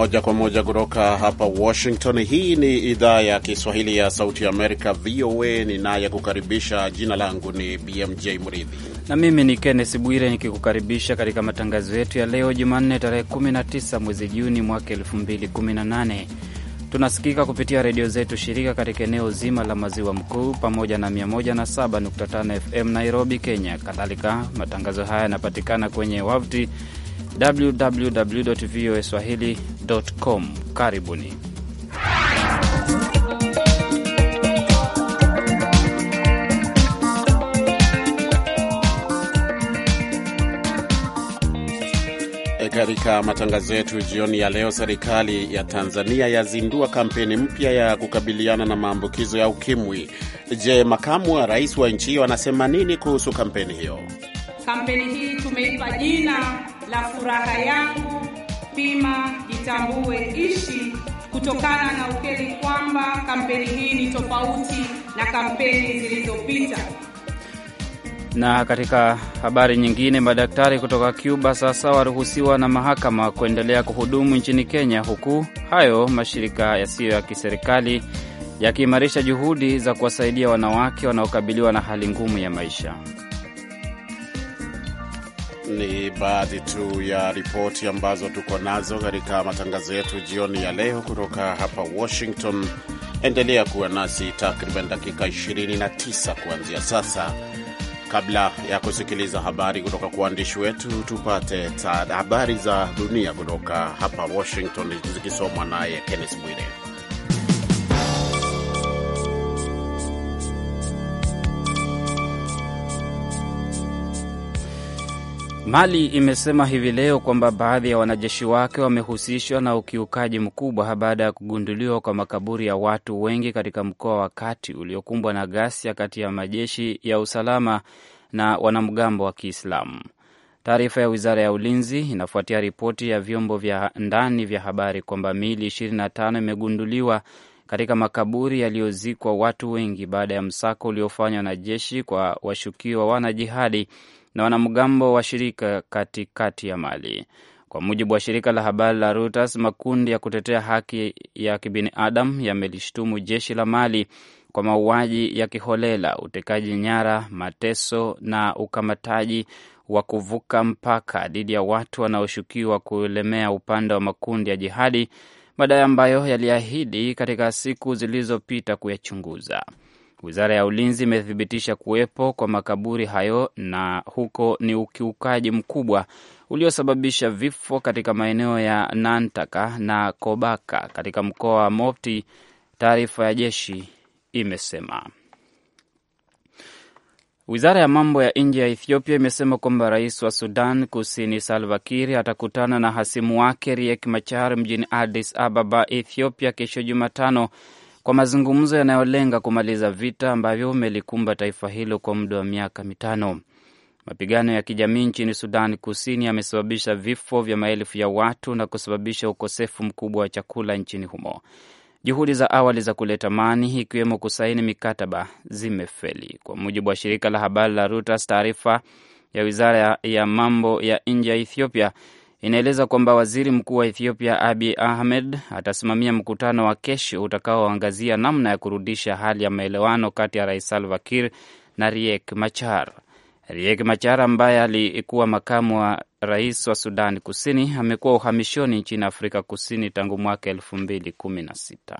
moja kwa moja kutoka hapa Washington. Hii ni idhaa ya Kiswahili ya Sauti ya Amerika, VOA. Ninayekukaribisha, jina langu ni BMJ Mridhi na mimi ni kennes Bwire nikikukaribisha katika matangazo yetu ya leo Jumanne, tarehe 19 mwezi Juni mwaka 2018. Tunasikika kupitia redio zetu shirika katika eneo zima la maziwa makuu pamoja na 107.5 FM Nairobi, Kenya. Kadhalika, matangazo haya yanapatikana kwenye wavuti www voa swahili.com. Karibuni. E, katika matangazo yetu jioni ya leo, serikali ya Tanzania yazindua kampeni mpya ya kukabiliana na maambukizo ya ukimwi. Je, makamu wa rais wa nchi hiyo anasema nini kuhusu kampeni hiyo? Kampeni hii tumeipa jina la furaha yangu, pima, itambue ishi kutokana na ukweli kwamba kampeni hii ni tofauti na kampeni zilizopita. Na katika habari nyingine, madaktari kutoka Cuba sasa waruhusiwa na mahakama kuendelea kuhudumu nchini Kenya, huku hayo mashirika yasiyo ya kiserikali yakiimarisha juhudi za kuwasaidia wanawake wanaokabiliwa na hali ngumu ya maisha. Ni baadhi tu ya ripoti ambazo tuko nazo katika matangazo yetu jioni ya leo kutoka hapa Washington. Endelea kuwa nasi takriban dakika 29 kuanzia sasa. Kabla ya kusikiliza habari kutoka kwa waandishi wetu, tupate habari za dunia kutoka hapa Washington zikisomwa naye Kenneth Bwire. Mali imesema hivi leo kwamba baadhi ya wanajeshi wake wamehusishwa na ukiukaji mkubwa baada ya kugunduliwa kwa makaburi ya watu wengi katika mkoa wa kati uliokumbwa na ghasia kati ya majeshi ya usalama na wanamgambo wa Kiislamu. Taarifa ya wizara ya ulinzi inafuatia ripoti ya vyombo vya ndani vya habari kwamba miili 25 imegunduliwa katika makaburi yaliyozikwa watu wengi baada ya msako uliofanywa na jeshi kwa washukiwa wanajihadi na wanamgambo wa shirika katikati kati ya Mali. Kwa mujibu wa shirika la habari la Reuters, makundi ya kutetea haki ya kibinadamu yamelishtumu jeshi la Mali kwa mauaji ya kiholela, utekaji nyara, mateso na ukamataji wa kuvuka mpaka dhidi ya watu wanaoshukiwa kulemea upande wa makundi ya jihadi, madai ambayo yaliahidi katika siku zilizopita kuyachunguza. Wizara ya ulinzi imethibitisha kuwepo kwa makaburi hayo na huko ni ukiukaji mkubwa uliosababisha vifo katika maeneo ya Nantaka na Kobaka katika mkoa wa Mopti, taarifa ya jeshi imesema. Wizara ya mambo ya nje ya Ethiopia imesema kwamba rais wa Sudan Kusini Salva Kiir atakutana na hasimu wake Riek Machar mjini Addis Ababa, Ethiopia, kesho Jumatano kwa mazungumzo yanayolenga kumaliza vita ambavyo umelikumba taifa hilo kwa muda wa miaka mitano. Mapigano ya kijamii nchini Sudan Kusini yamesababisha vifo vya maelfu ya watu na kusababisha ukosefu mkubwa wa chakula nchini humo. Juhudi za awali za kuleta amani, ikiwemo kusaini mikataba, zimefeli. Kwa mujibu wa shirika la habari la Reuters, taarifa ya wizara ya mambo ya nje ya Ethiopia inaeleza kwamba waziri mkuu wa Ethiopia abi Ahmed atasimamia mkutano wa kesho utakaoangazia namna ya kurudisha hali ya maelewano kati ya Rais Salva Kiir na Riek Machar. Riek Machar ambaye alikuwa makamu wa rais wa Sudani Kusini amekuwa uhamishoni nchini Afrika Kusini tangu mwaka elfu mbili kumi na sita.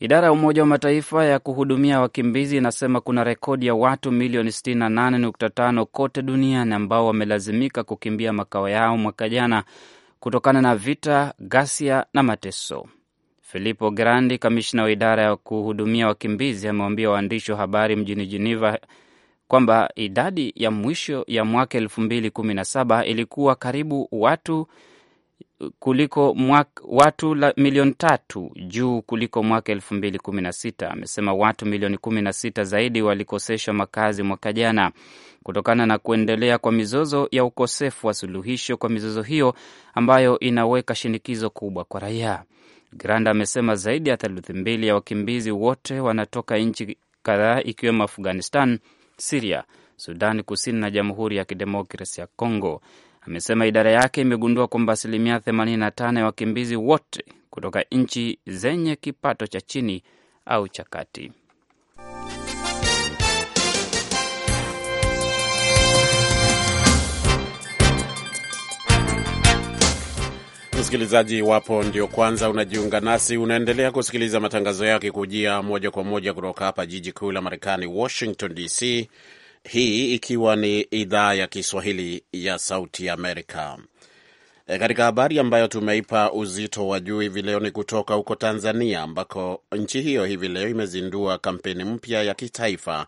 Idara ya Umoja wa Mataifa ya kuhudumia wakimbizi inasema kuna rekodi ya watu milioni 68.5 kote duniani ambao wamelazimika kukimbia makao yao mwaka jana kutokana na vita, ghasia na mateso. Filippo Grandi, kamishna wa idara ya kuhudumia wakimbizi, amewaambia waandishi wa habari mjini Jeneva kwamba idadi ya mwisho ya mwaka 2017 ilikuwa karibu watu kuliko mwak, watu la milioni tatu juu kuliko mwaka elfu mbili kumi na sita. Amesema watu milioni kumi na sita zaidi walikoseshwa makazi mwaka jana kutokana na kuendelea kwa mizozo ya ukosefu wa suluhisho kwa mizozo hiyo ambayo inaweka shinikizo kubwa kwa raia. grand amesema zaidi ya theluthi mbili ya wakimbizi wote wanatoka nchi kadhaa ikiwemo Afghanistan, Siria, Sudani Kusini na Jamhuri ya Kidemokrasi ya congo amesema idara yake imegundua kwamba asilimia 85 ya wakimbizi wote kutoka nchi zenye kipato cha chini au cha kati. Msikilizaji, iwapo ndio kwanza unajiunga nasi, unaendelea kusikiliza matangazo yake kujia moja kwa moja kutoka hapa jiji kuu la Marekani, Washington DC, hii ikiwa ni idhaa ya Kiswahili ya Sauti ya Amerika. E, katika habari ambayo tumeipa uzito wa juu hivi leo ni kutoka huko Tanzania ambako nchi hiyo hivi leo imezindua kampeni mpya ya kitaifa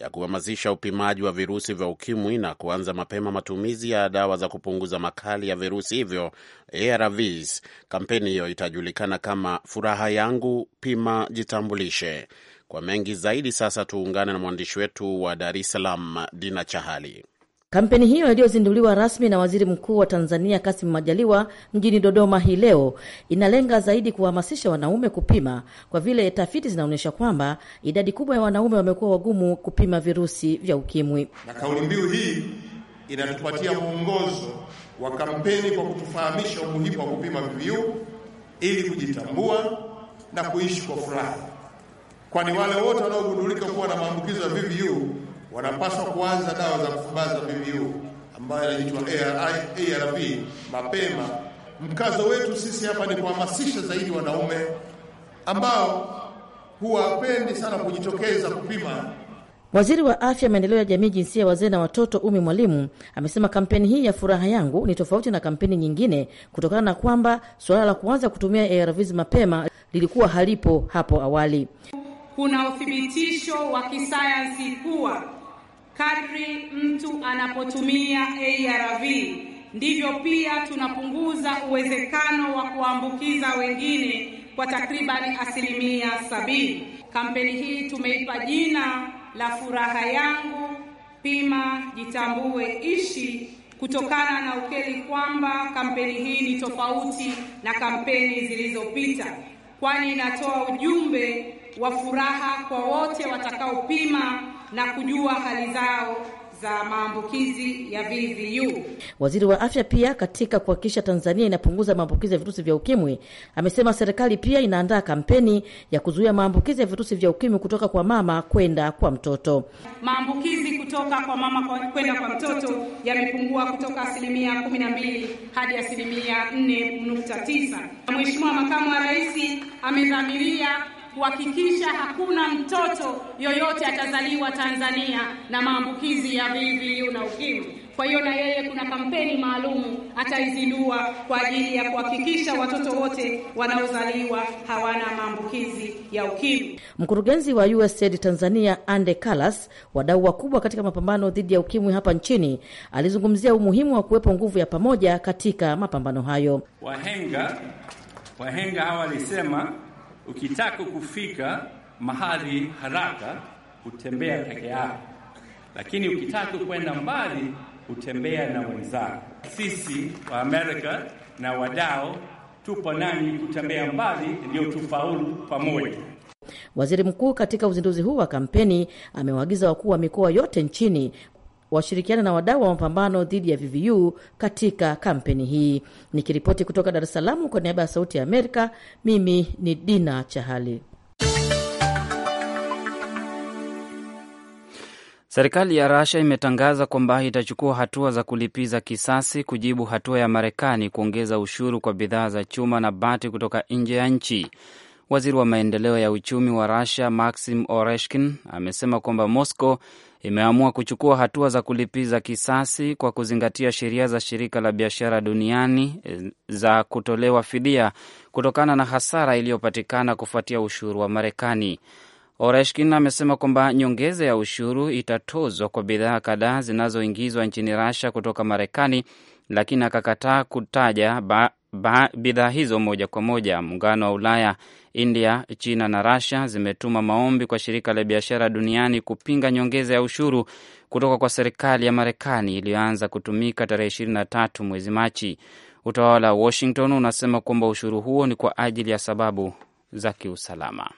ya kuhamasisha upimaji wa virusi vya ukimwi na kuanza mapema matumizi ya dawa za kupunguza makali ya virusi hivyo ARVs. Kampeni hiyo itajulikana kama Furaha Yangu Pima Jitambulishe. Kwa mengi zaidi, sasa tuungane na mwandishi wetu wa Dar es Salaam, Dina Chahali. Kampeni hiyo iliyozinduliwa rasmi na Waziri Mkuu wa Tanzania Kassim Majaliwa mjini Dodoma hii leo inalenga zaidi kuwahamasisha wanaume kupima, kwa vile tafiti zinaonyesha kwamba idadi kubwa ya wanaume wamekuwa wagumu kupima virusi vya UKIMWI. Na kauli mbiu hii inatupatia mwongozo wa kampeni kwa kutufahamisha umuhimu wa kupima VVU ili kujitambua na kuishi kwa furaha kwani wale wote wanaogundulika kuwa na maambukizo ya VVU wanapaswa kuanza dawa za kufubaza VVU ambayo inaitwa ARV mapema. Mkazo wetu sisi hapa ni kuhamasisha zaidi wanaume ambao huwapendi sana kujitokeza kupima. Waziri wa Afya, Maendeleo ya Jamii, Jinsia ya Wazee na Watoto, Umi Mwalimu, amesema kampeni hii ya Furaha Yangu ni tofauti na kampeni nyingine kutokana na kwamba suala la kuanza kutumia ARVs mapema lilikuwa halipo hapo awali kuna uthibitisho wa kisayansi kuwa kadri mtu anapotumia ARV ndivyo pia tunapunguza uwezekano wa kuambukiza wengine kwa takribani asilimia sabini. Kampeni hii tumeipa jina la furaha yangu pima jitambue ishi, kutokana na ukweli kwamba kampeni hii ni tofauti na kampeni zilizopita, kwani inatoa ujumbe wa furaha kwa wote watakaopima na kujua hali zao za maambukizi ya VVU. Waziri wa Afya pia katika kuhakikisha Tanzania inapunguza maambukizi ya virusi vya ukimwi, amesema serikali pia inaandaa kampeni ya kuzuia maambukizi ya virusi vya ukimwi kutoka kwa mama kwenda kwa mtoto. Maambukizi kutoka kwa mama kwenda kwa mtoto yamepungua kutoka asilimia 12 hadi asilimia 4.9. Mheshimiwa Makamu wa Rais amedhamiria kuhakikisha hakuna mtoto yoyote atazaliwa Tanzania na maambukizi ya VVU na ukimwi. Kwa hiyo na yeye kuna kampeni maalum ataizindua kwa ajili ya kuhakikisha watoto wote wanaozaliwa hawana maambukizi ya ukimwi. Mkurugenzi wa USAID Tanzania Ande Kalas, wadau wakubwa katika mapambano dhidi ya ukimwi hapa nchini, alizungumzia umuhimu wa kuwepo nguvu ya pamoja katika mapambano hayo. Wahenga wahenga hawa walisema Ukitaka kufika mahali haraka hutembea peke yako, lakini ukitaka kwenda mbali hutembea na wenzako. Sisi wa Amerika na wadau tupo nani kutembea mbali, ndio tufaulu pamoja. Waziri Mkuu katika uzinduzi huu wa kampeni amewaagiza wakuu wa mikoa yote nchini washirikiana na wadau wa mapambano dhidi ya VVU katika kampeni hii. Nikiripoti kutoka Dar es Salaam kwa niaba ya Sauti ya Amerika, mimi ni Dina Chahali. Serikali ya Rasia imetangaza kwamba itachukua hatua za kulipiza kisasi kujibu hatua ya Marekani kuongeza ushuru kwa bidhaa za chuma na bati kutoka nje ya nchi. Waziri wa maendeleo ya uchumi wa rasia Maxim Oreshkin amesema kwamba Moscow imeamua kuchukua hatua za kulipiza kisasi kwa kuzingatia sheria za shirika la biashara duniani e, za kutolewa fidia kutokana na hasara iliyopatikana kufuatia ushuru wa Marekani. Oreshkin amesema kwamba nyongeza ya ushuru itatozwa kwa bidhaa kadhaa zinazoingizwa nchini Russia kutoka Marekani, lakini akakataa kutaja bidhaa hizo moja kwa moja. Muungano wa Ulaya India, China na Russia zimetuma maombi kwa shirika la biashara duniani kupinga nyongeza ya ushuru kutoka kwa serikali ya Marekani iliyoanza kutumika tarehe 23 mwezi Machi. Utawala wa Washington unasema kwamba ushuru huo ni kwa ajili ya sababu za kiusalama.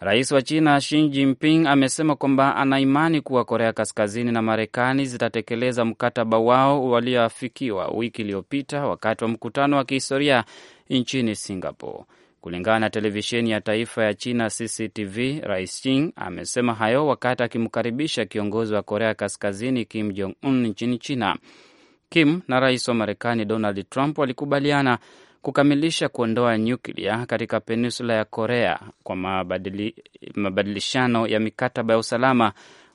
Rais wa China Xi Jinping amesema kwamba ana imani kuwa Korea Kaskazini na Marekani zitatekeleza mkataba wao walioafikiwa wiki iliyopita wakati wa mkutano wa kihistoria nchini Singapore. Kulingana na televisheni ya taifa ya China CCTV, Rais Xi amesema hayo wakati akimkaribisha kiongozi wa Korea Kaskazini Kim Jong Un nchini China. Kim na rais wa Marekani Donald Trump walikubaliana kukamilisha kuondoa nyuklia katika peninsula ya Korea kwa mabadili, mabadilishano ya mikataba ya usalama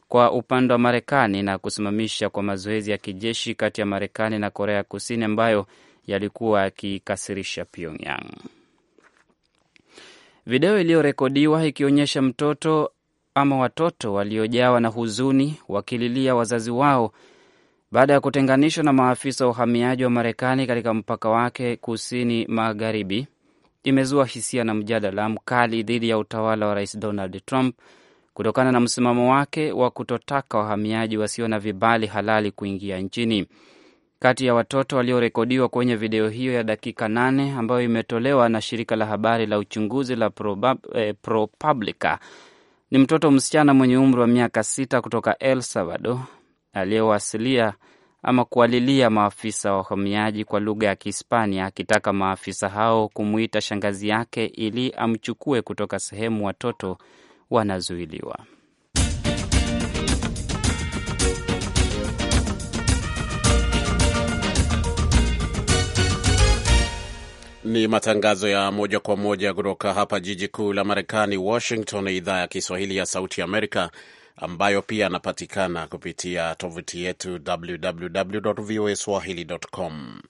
kwa upande wa Marekani na kusimamisha kwa mazoezi ya kijeshi kati ya Marekani na Korea Kusini ambayo yalikuwa yakikasirisha Pyongyang. Video iliyorekodiwa ikionyesha mtoto ama watoto waliojawa na huzuni wakililia wazazi wao baada ya kutenganishwa na maafisa wa uhamiaji wa Marekani katika mpaka wake kusini magharibi, imezua hisia na mjadala mkali dhidi ya utawala wa Rais Donald Trump kutokana na msimamo wake wa kutotaka wahamiaji wasio na vibali halali kuingia nchini kati ya watoto waliorekodiwa kwenye video hiyo ya dakika nane ambayo imetolewa na shirika la habari la uchunguzi la eh, ProPublica eh, Pro ni mtoto msichana mwenye umri wa miaka sita kutoka El Salvador aliyewasilia ama kualilia maafisa wa wahamiaji kwa lugha ya Kihispania akitaka maafisa hao kumwita shangazi yake ili amchukue kutoka sehemu watoto wanazuiliwa. Ni matangazo ya moja kwa moja kutoka hapa jiji kuu la Marekani, Washington, idhaa ya Kiswahili ya Sauti Amerika, ambayo pia anapatikana kupitia tovuti yetu www voa swahili com.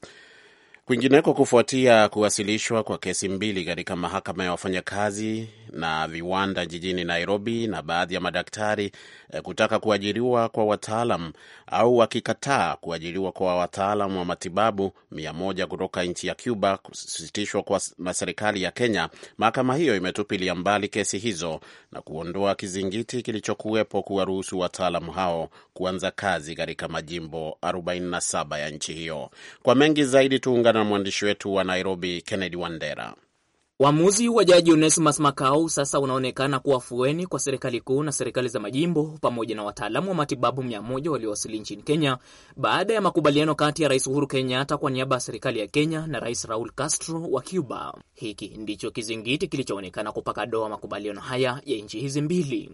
Kwingineko, kufuatia kuwasilishwa kwa kesi mbili katika mahakama ya wafanyakazi na viwanda jijini Nairobi na baadhi ya madaktari eh, kutaka kuajiriwa kwa wataalam au wakikataa kuajiriwa kwa wataalam wa matibabu mia moja kutoka nchi ya Cuba kusitishwa kwa na serikali ya Kenya, mahakama hiyo imetupilia mbali kesi hizo na kuondoa kizingiti kilichokuwepo kuwaruhusu wataalam hao kuanza kazi katika majimbo 47 ya nchi hiyo. Kwa mengi zaidi tuunga Tunaungana na mwandishi wetu wa Nairobi, Kennedy Wandera. Uamuzi wa Jaji Onesimus Makau sasa unaonekana kuwa fueni kwa serikali kuu na serikali za majimbo pamoja na wataalamu wa matibabu mia moja waliowasili nchini Kenya baada ya makubaliano kati ya Rais Uhuru Kenyatta kwa niaba ya serikali ya Kenya na Rais Raul Castro wa Cuba. Hiki ndicho kizingiti kilichoonekana kupaka doa makubaliano haya ya nchi hizi mbili.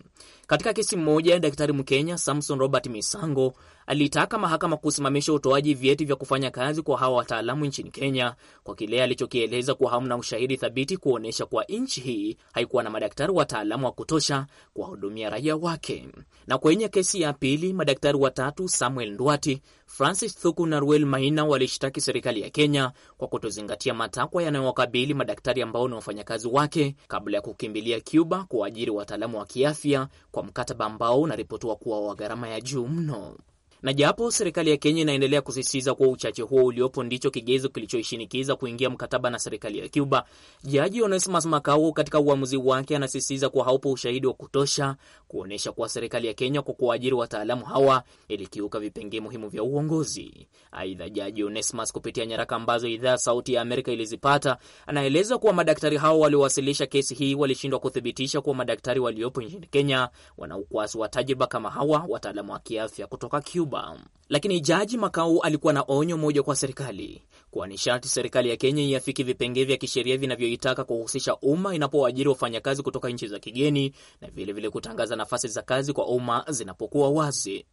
Katika kesi mmoja, Daktari Mkenya Samson Robert Misango alitaka mahakama kusimamisha utoaji vyeti vya kufanya kazi kwa hawa wataalamu nchini Kenya kwa kile alichokieleza kuwa hamna ushahidi thabiti kuonyesha kuwa nchi hii haikuwa na madaktari wataalamu wa kutosha kuwahudumia raia wake. Na kwenye kesi ya pili, madaktari watatu Samuel Ndwati, Francis Thuku na Ruel Maina walishtaki serikali ya Kenya kwa kutozingatia matakwa yanayowakabili madaktari ambao ni wafanyakazi wake kabla ya kukimbilia Cuba kuajiri wataalamu wa kiafya kwa mkataba ambao unaripotiwa kuwa wa gharama ya juu mno na japo serikali ya Kenya inaendelea kusisitiza kuwa uchache huo uliopo ndicho kigezo kilichoishinikiza kuingia mkataba na serikali ya Cuba, Jaji Onesmus Makau katika uamuzi wake anasisitiza kuwa haupo ushahidi wa kutosha kuonyesha kuwa serikali ya Kenya kwa kuwaajiri wataalamu hawa ilikiuka vipengee muhimu vya uongozi. Aidha, Jaji Onesmus kupitia nyaraka ambazo idhaa Sauti ya Amerika ilizipata, anaeleza kuwa madaktari hao waliowasilisha kesi hii walishindwa kuthibitisha kuwa madaktari waliopo nchini Kenya wana ukwasi wa tajriba kama hawa wataalamu wa kiafya kutoka Cuba. Juba. Lakini Jaji Makau alikuwa na onyo moja kwa serikali kuwa ni sharti serikali ya Kenya iafiki vipengee vya kisheria vinavyoitaka kuhusisha umma inapowaajiri wafanyakazi kutoka nchi za kigeni na vilevile vile kutangaza nafasi za kazi kwa umma zinapokuwa wazi.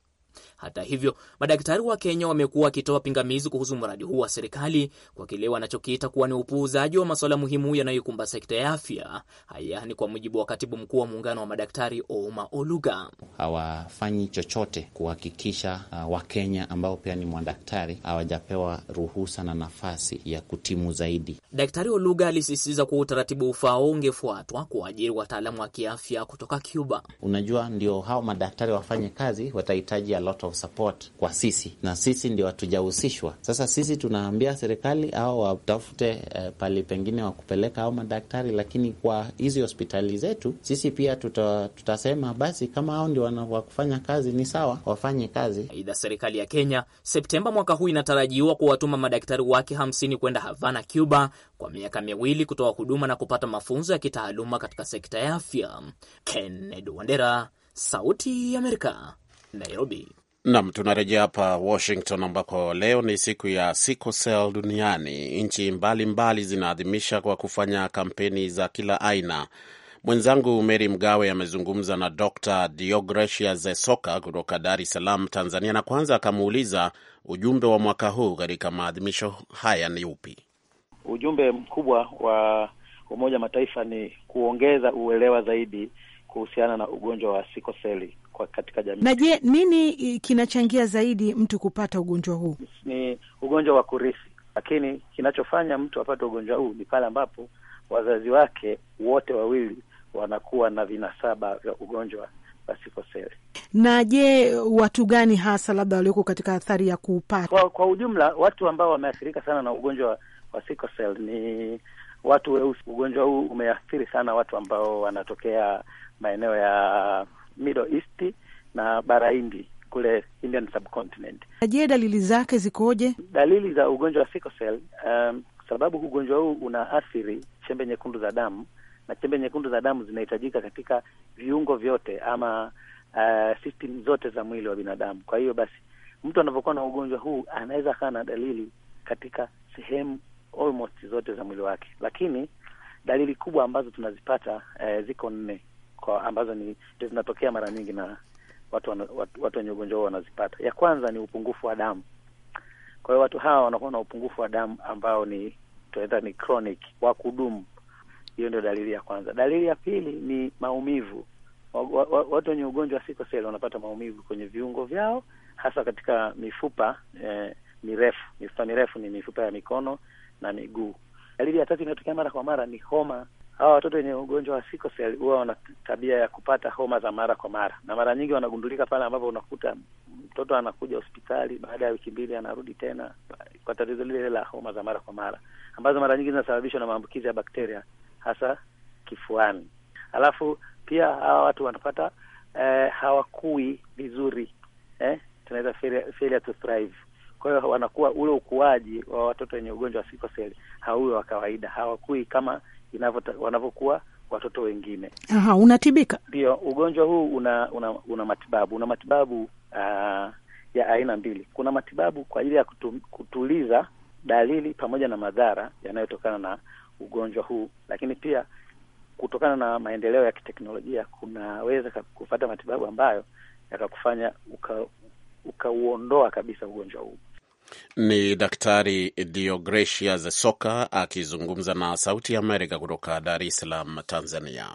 Hata hivyo, madaktari wa Kenya wamekuwa wakitoa pingamizi kuhusu mradi huu wa serikali kwa kile wanachokiita kuwa ni upuuzaji wa masuala muhimu yanayoikumba sekta ya afya. Haya ni kwa mujibu wa katibu mkuu wa muungano wa madaktari Ouma Oluga. Hawafanyi chochote kuhakikisha uh, Wakenya ambao pia ni madaktari hawajapewa ruhusa na nafasi ya kutimu zaidi. Daktari Oluga alisisitiza kuwa utaratibu ufaao ungefuatwa kuajiri wataalamu wa kiafya kutoka Cuba. Unajua, ndio hao madaktari wafanye kazi, watahitaji lot of support kwa sisi, na sisi ndio hatujahusishwa. Sasa sisi tunaambia serikali au watafute uh, eh, pali pengine wa kupeleka au madaktari, lakini kwa hizi hospitali zetu sisi pia tuta, tutasema basi kama hao ndio wakufanya kazi ni sawa, wafanye kazi. Aidha, serikali ya Kenya Septemba mwaka huu inatarajiwa kuwatuma madaktari wake hamsini kwenda Havana, Cuba kwa miaka miwili kutoa huduma na kupata mafunzo ya kitaaluma katika sekta ya afya. Kennedy Wandera, Sauti ya Amerika, Nairobi. Nam, tunarejea hapa Washington ambako leo ni siku ya sickle cell duniani. Nchi mbalimbali zinaadhimisha kwa kufanya kampeni za kila aina. Mwenzangu Meri Mgawe amezungumza na Dr Diogresia Zesoka kutoka Dar es Salaam, Tanzania, na kwanza akamuuliza ujumbe wa mwaka huu katika maadhimisho haya ni upi? Ujumbe mkubwa wa Umoja Mataifa ni kuongeza uelewa zaidi kuhusiana na ugonjwa wa sikoseli kwa katika jamii. Na je, nini kinachangia zaidi mtu kupata ugonjwa huu? Ni ugonjwa wa kurithi, lakini kinachofanya mtu apate ugonjwa huu ni pale ambapo wazazi wake wote wawili wanakuwa na vinasaba vya ugonjwa wa Na je, watu gani hasa labda walioko katika athari ya kuupata? Kwa, kwa ujumla watu ambao wameathirika sana na ugonjwa wa sickle cell ni watu weusi. Ugonjwa huu umeathiri sana watu ambao wanatokea maeneo ya Middle East na bara Hindi kule Indian subcontinent. Je, dalili zake zikoje? Dalili za ugonjwa wa sickle cell, um, sababu ugonjwa huu una athiri chembe nyekundu za damu na chembe nyekundu za damu zinahitajika katika viungo vyote ama uh, system zote za mwili wa binadamu. Kwa hiyo basi mtu anapokuwa na ugonjwa huu anaweza kaa na dalili katika sehemu almost zote za mwili wake, lakini dalili kubwa ambazo tunazipata uh, ziko nne kwa ambazo ni ndio zinatokea mara nyingi na watu wenye watu, watu ugonjwa huo wanazipata. Ya kwanza ni upungufu wa damu. Kwa hiyo watu hawa wanakuwa na upungufu wa damu ambao ni tunaita ni chronic wa kudumu. Hiyo ndio dalili ya kwanza. Dalili ya pili ni maumivu. Watu wenye ugonjwa wa wanapata maumivu kwenye viungo vyao, hasa katika mifupa eh, mirefu. Mifupa mirefu ni mifupa ya mikono na miguu. Dalili ya tatu inayotokea mara kwa mara ni homa hawa watoto wenye ugonjwa wa sikoseli huwa wana tabia ya kupata homa za mara kwa mara, na mara nyingi wanagundulika pale ambapo unakuta mtoto anakuja hospitali, baada ya wiki mbili anarudi tena kwa tatizo lile la homa za mara kwa mara, ambazo mara nyingi zinasababishwa na maambukizi ya bakteria hasa kifuani. Alafu pia hawa watu wanapata eh, hawakui vizuri eh, tunaweza failure to thrive. Kwa hiyo wanakuwa ule ukuaji wa watoto wenye ugonjwa wa sikoseli hauwe wa kawaida, hawakui kama wanavyokuwa watoto wengine. Aha, unatibika? Ndio, ugonjwa huu una una, una matibabu una matibabu uh, ya aina mbili. Kuna matibabu kwa ajili ya kutu, kutuliza dalili pamoja na madhara yanayotokana na ugonjwa huu, lakini pia kutokana na maendeleo ya kiteknolojia kunaweza kupata matibabu ambayo yakakufanya ukauondoa uka kabisa ugonjwa huu. Ni Daktari Diogresia Zesoka akizungumza na Sauti ya Amerika kutoka Dar es Salaam, Tanzania.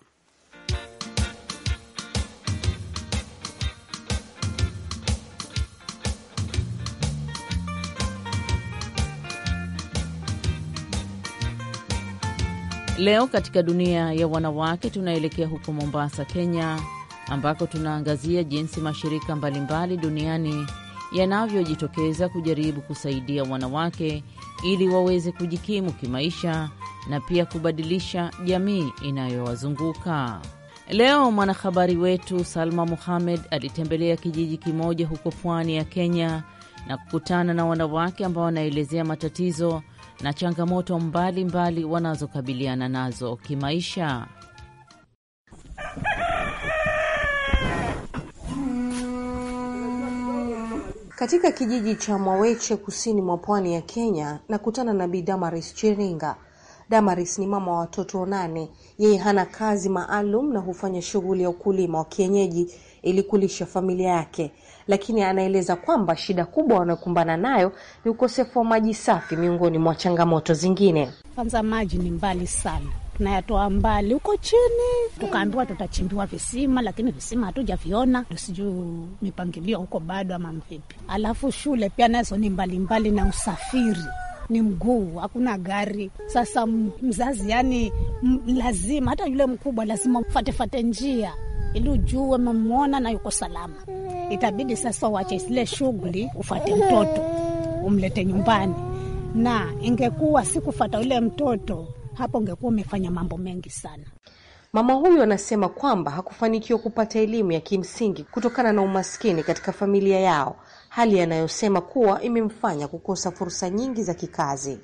Leo katika dunia ya wanawake tunaelekea huko Mombasa, Kenya, ambako tunaangazia jinsi mashirika mbalimbali duniani yanavyojitokeza kujaribu kusaidia wanawake ili waweze kujikimu kimaisha na pia kubadilisha jamii inayowazunguka. Leo mwanahabari wetu Salma muhamed alitembelea kijiji kimoja huko pwani ya Kenya na kukutana na wanawake ambao wanaelezea matatizo na changamoto mbalimbali wanazokabiliana nazo kimaisha. katika kijiji cha Mwaweche kusini mwa pwani ya Kenya nakutana na Bi Damaris Chiringa. Damaris ni mama wa watoto nane. Yeye hana kazi maalum na hufanya shughuli ya ukulima wa kienyeji ili kulisha familia yake, lakini anaeleza kwamba shida kubwa wanayokumbana nayo ni ukosefu wa maji safi miongoni mwa changamoto zingine. Kwanza maji ni mbali sana tunayatoa mbali huko chini, tukaambiwa tutachimbiwa visima, lakini visima hatujaviona, sijuu mipangilio huko bado ama mvipi. Alafu shule pia nazo ni mbalimbali na usafiri ni mguu, hakuna gari. Sasa mzazi yani lazima, hata yule mkubwa lazima fatefate njia ili ujue umemwona na yuko salama. Itabidi sasa uache zile shughuli ufate mtoto umlete nyumbani, na ingekuwa sikufata ule mtoto hapo ungekuwa umefanya mambo mengi sana. Mama huyu anasema kwamba hakufanikiwa kupata elimu ya kimsingi kutokana na umaskini katika familia yao, hali anayosema kuwa imemfanya kukosa fursa nyingi za kikazi.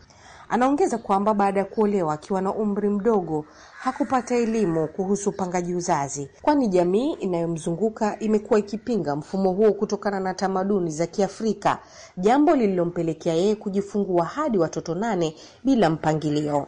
Anaongeza kwamba baada ya kuolewa akiwa na umri mdogo hakupata elimu kuhusu upangaji uzazi, kwani jamii inayomzunguka imekuwa ikipinga mfumo huo kutokana na tamaduni za Kiafrika, jambo lililompelekea yeye kujifungua hadi watoto nane bila mpangilio.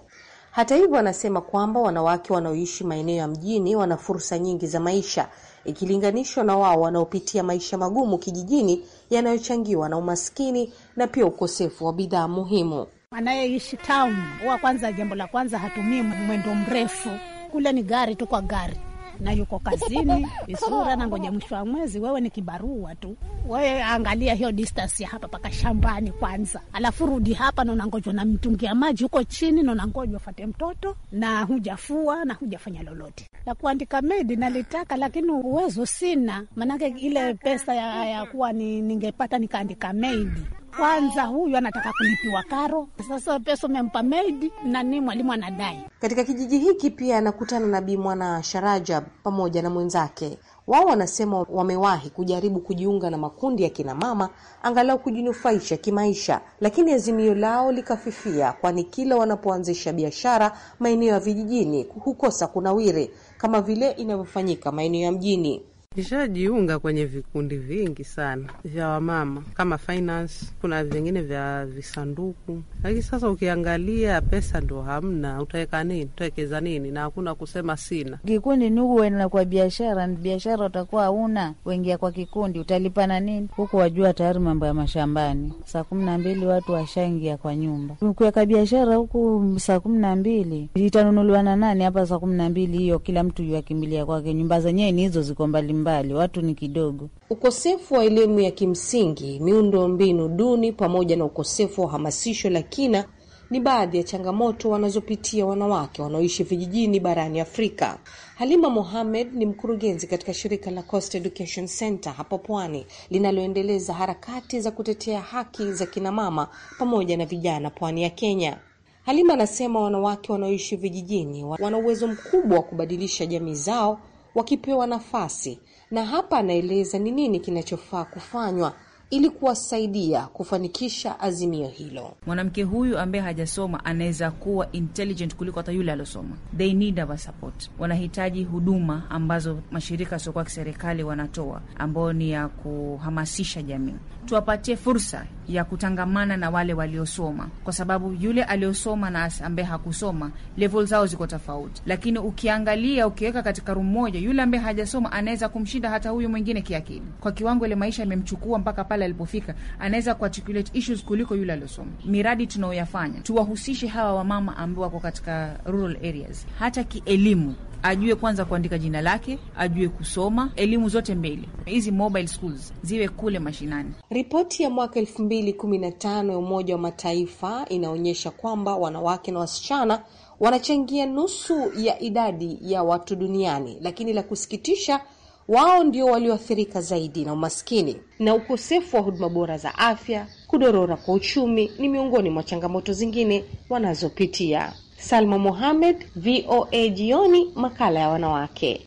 Hata hivyo, anasema kwamba wanawake wanaoishi maeneo ya mjini wana fursa nyingi za maisha ikilinganishwa na wao wanaopitia maisha magumu kijijini yanayochangiwa na umaskini na pia ukosefu wa bidhaa muhimu. Anayeishi town huwa kwanza, jambo la kwanza hatumii mwendo mrefu, kule ni gari tu kwa gari na yuko kazini isura na ngoja mwisho wa mwezi. Wewe ni kibarua tu, wewe angalia hiyo distance ya hapa paka shambani kwanza, alafu rudi hapa na unangojwa na mtungi ya maji huko chini, na unangojwa fate mtoto na hujafua na hujafanya lolote. La kuandika medi nalitaka, lakini uwezo sina, maanake ile pesa ya, ya kuwa ni, ningepata nikaandika medi kwanza huyu anataka kulipiwa karo. Sasa pesa umempa maid na ni mwalimu anadai. Katika kijiji hiki pia anakutana na Bi Mwana Sharajab pamoja na mwenzake. Wao wanasema wamewahi kujaribu kujiunga na makundi ya kina mama angalau kujinufaisha kimaisha, lakini azimio lao likafifia, kwani kila wanapoanzisha biashara maeneo ya vijijini hukosa kunawiri kama vile inavyofanyika maeneo ya mjini. Nishajiunga kwenye vikundi vingi sana vya wamama kama finance, kuna vingine vya visanduku, lakini sasa ukiangalia pesa ndo hamna, utaweka nini? Utawekeza nini? Na hakuna kusema sina kikundi. Nukuena kwa biashara, biashara utakuwa hauna, wengia kwa kikundi, utalipana nini huku? Wajua tayari mambo ya mashambani, saa kumi na mbili watu washaingia kwa nyumba. kuweka biashara huku saa kumi na mbili itanunuliwa na nani hapa saa kumi na mbili hiyo? Kila mtu yuakimbilia kwake, nyumba zenyewe ni hizo, ziko mbali mbali mbali, watu ni kidogo. Ukosefu wa elimu ya kimsingi, miundo mbinu duni, pamoja na ukosefu wa hamasisho la kina ni baadhi ya changamoto wanazopitia wanawake wanaoishi vijijini barani Afrika. Halima Mohamed ni mkurugenzi katika shirika la Coast Education Center hapo Pwani linaloendeleza harakati za kutetea haki za kinamama pamoja na vijana pwani ya Kenya. Halima anasema wanawake wanaoishi vijijini wana uwezo mkubwa wa kubadilisha jamii zao wakipewa nafasi na hapa anaeleza ni nini kinachofaa kufanywa ili kuwasaidia kufanikisha azimio hilo. Mwanamke huyu ambaye hajasoma anaweza kuwa intelligent kuliko hata yule aliosoma. They need our support, wanahitaji huduma ambazo mashirika yasiokuwa kiserikali wanatoa, ambayo ni ya kuhamasisha jamii. Tuwapatie fursa ya kutangamana na wale waliosoma, kwa sababu yule aliosoma na ambaye hakusoma level zao ziko tofauti. Lakini ukiangalia ukiweka katika room moja, yule ambaye hajasoma anaweza kumshinda hata huyu mwingine kiakili, kwa kiwango ile maisha imemchukua mpaka pale alipofika, anaweza kuarticulate issues kuliko yule aliosoma Miradi tunaoyafanya tuwahusishe hawa wamama ambao wako katika rural areas, hata kielimu ajue kwanza kuandika jina lake, ajue kusoma, elimu zote mbili hizi mobile schools ziwe kule mashinani. Ripoti ya mwaka elfu mbili kumi na tano ya Umoja wa Mataifa inaonyesha kwamba wanawake na wasichana wanachangia nusu ya idadi ya watu duniani, lakini la kusikitisha wao ndio walioathirika zaidi na umaskini na ukosefu wa huduma bora za afya. Kudorora kwa uchumi ni miongoni mwa changamoto zingine wanazopitia. Salma Mohamed, VOA Jioni, makala ya wanawake.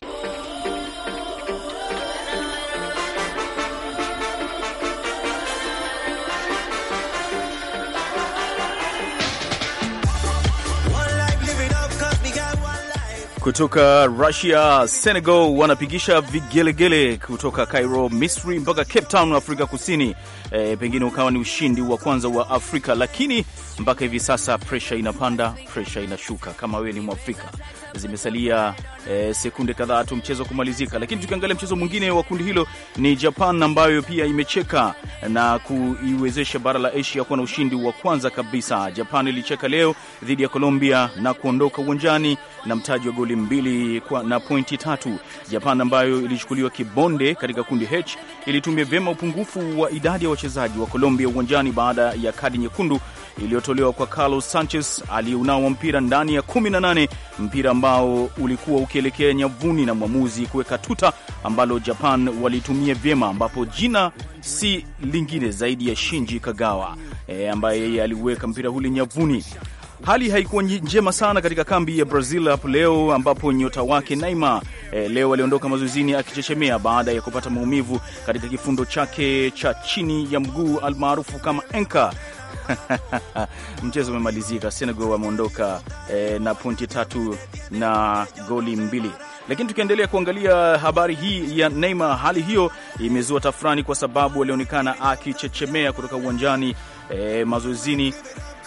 kutoka Russia, Senegal wanapigisha vigelegele kutoka Cairo, Misri mpaka Cape Town, Afrika Kusini. E, pengine ukawa ni ushindi wa kwanza wa Afrika, lakini mpaka hivi sasa presha inapanda, presha inashuka. Kama wewe ni Mwafrika, zimesalia e, sekunde kadhaa tu mchezo kumalizika. Lakini tukiangalia mchezo mwingine wa kundi hilo ni Japan ambayo pia imecheka na kuiwezesha bara la Asia kuwa na ushindi wa kwanza kabisa. Japan ilicheka leo dhidi ya Colombia na kuondoka uwanjani na mtaji wa goli goli mbili kwa na pointi tatu. Japan ambayo ilichukuliwa kibonde katika kundi H ilitumia vyema upungufu wa idadi ya wachezaji wa Colombia uwanjani baada ya kadi nyekundu iliyotolewa kwa Carlos Sanchez aliyeunawa mpira ndani ya 18, mpira ambao ulikuwa ukielekea nyavuni na mwamuzi kuweka tuta ambalo Japan walitumia vyema, ambapo jina si lingine zaidi ya Shinji Kagawa e, ambaye yeye aliuweka mpira huli nyavuni. Hali haikuwa njema sana katika kambi ya Brazil hapo leo, ambapo nyota wake Neymar e, leo aliondoka mazoezini akichechemea baada ya kupata maumivu katika kifundo chake cha chini ya mguu almaarufu kama enka. Mchezo umemalizika, Senegal wameondoka e, na pointi tatu na goli mbili. Lakini tukiendelea kuangalia habari hii ya Neymar, hali hiyo imezua tafrani kwa sababu alionekana akichechemea kutoka uwanjani e, mazoezini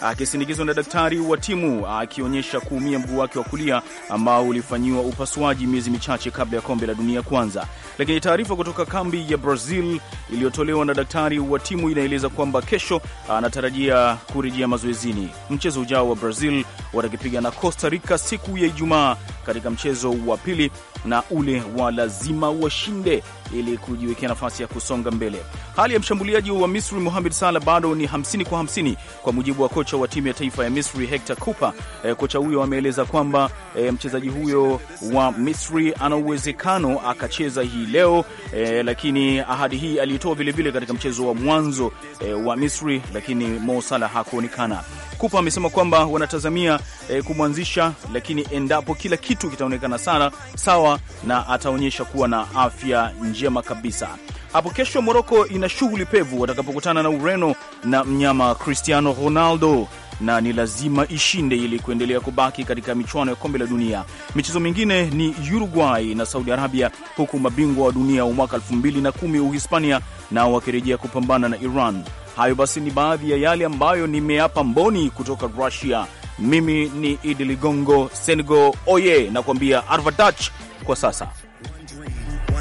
akisindikizwa na daktari wa timu akionyesha kuumia mguu wake wa kulia ambao ulifanyiwa upasuaji miezi michache kabla ya kombe la dunia kwanza. Lakini taarifa kutoka kambi ya Brazil iliyotolewa na daktari wa timu inaeleza kwamba kesho anatarajia kurejea mazoezini. Mchezo ujao wa Brazil watakipiga na Costa Rica siku ya Ijumaa katika mchezo wa pili, na ule wa lazima washinde ili kujiwekea nafasi ya kusonga mbele. Hali ya mshambuliaji wa Misri Mohamed Salah bado ni 50 kwa 50 kwa mujibu wa kocha wa timu ya taifa ya Misri Hector cooper E, eh, kocha huyo ameeleza kwamba e, mchezaji huyo wa Misri ana uwezekano akacheza hii hii leo eh, lakini ahadi hii aliitoa vilevile katika mchezo wa mwanzo eh, wa Misri, lakini Mo Salah hakuonekana. Kupa amesema kwamba wanatazamia eh, kumwanzisha, lakini endapo kila kitu kitaonekana sana sawa na ataonyesha kuwa na afya njema kabisa. Hapo kesho Moroko ina shughuli pevu watakapokutana na Ureno na mnyama Cristiano Ronaldo na ni lazima ishinde ili kuendelea kubaki katika michuano ya kombe la dunia. Michezo mingine ni Uruguay na Saudi Arabia, huku mabingwa wa dunia wa mwaka 2010 Uhispania nao wakirejea kupambana na Iran. Hayo basi ni baadhi ya yale ambayo nimeapa mboni kutoka Russia. Mimi ni Idi Ligongo, Senego oye, nakuambia arvadach kwa sasa. One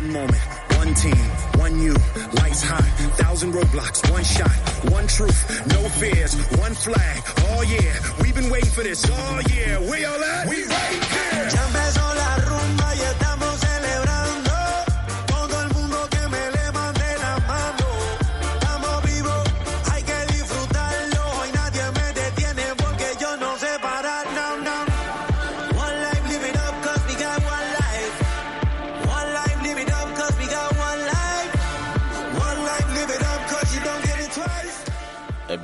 dream, one Team, One you, lights high, thousand roadblocks, one shot, one truth, no fears, one flag. Oh yeah, we've been waiting for this all year. we all at? We right here.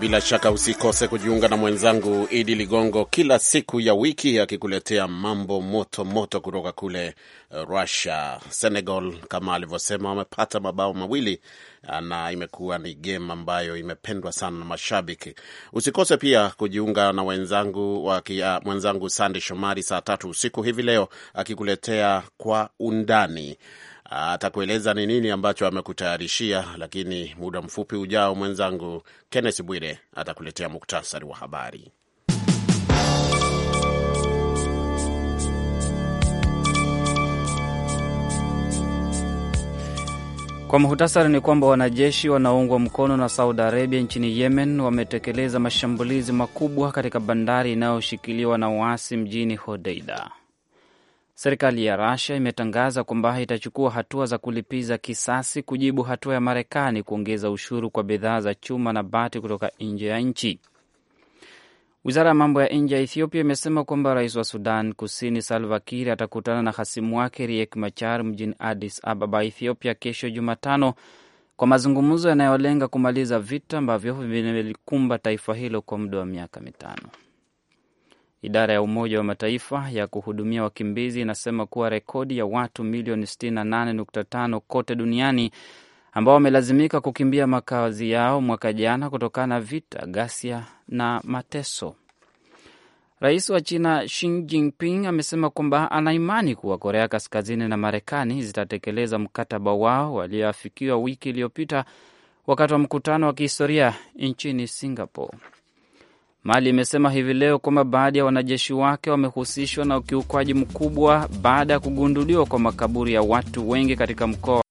Bila shaka usikose kujiunga na mwenzangu Idi Ligongo kila siku ya wiki akikuletea mambo moto moto kutoka kule uh, Russia. Senegal kama alivyosema, wamepata mabao mawili uh, na imekuwa ni game ambayo imependwa sana na mashabiki. Usikose pia kujiunga na wenzangu wakia, uh, mwenzangu Sande Shomari saa tatu usiku hivi leo akikuletea kwa undani atakueleza ni nini ambacho amekutayarishia, lakini muda mfupi ujao mwenzangu Kenneth Bwire atakuletea muktasari wa habari. Kwa muhtasari ni kwamba wanajeshi wanaoungwa mkono na Saudi Arabia nchini Yemen wametekeleza mashambulizi makubwa katika bandari inayoshikiliwa na waasi mjini Hodeida. Serikali ya rusia imetangaza kwamba itachukua hatua za kulipiza kisasi kujibu hatua ya Marekani kuongeza ushuru kwa bidhaa za chuma na bati kutoka nje ya nchi. Wizara ya mambo ya nje ya Ethiopia imesema kwamba rais wa Sudan Kusini Salva Kiir atakutana na hasimu wake Riek Machar mjini Addis Ababa, Ethiopia, kesho Jumatano kwa mazungumzo yanayolenga kumaliza vita ambavyo vimelikumba taifa hilo kwa muda wa miaka mitano. Idara ya Umoja wa Mataifa ya kuhudumia wakimbizi inasema kuwa rekodi ya watu milioni 68.5 kote duniani ambao wamelazimika kukimbia makazi yao mwaka jana kutokana na vita, ghasia na mateso. Rais wa China Xi Jinping amesema kwamba anaimani kuwa Korea Kaskazini na Marekani zitatekeleza mkataba wao walioafikiwa wiki iliyopita wakati wa mkutano wa kihistoria nchini Singapore. Mali imesema hivi leo kwamba baadhi ya wanajeshi wake wamehusishwa na ukiukwaji mkubwa baada ya kugunduliwa kwa makaburi ya watu wengi katika mkoa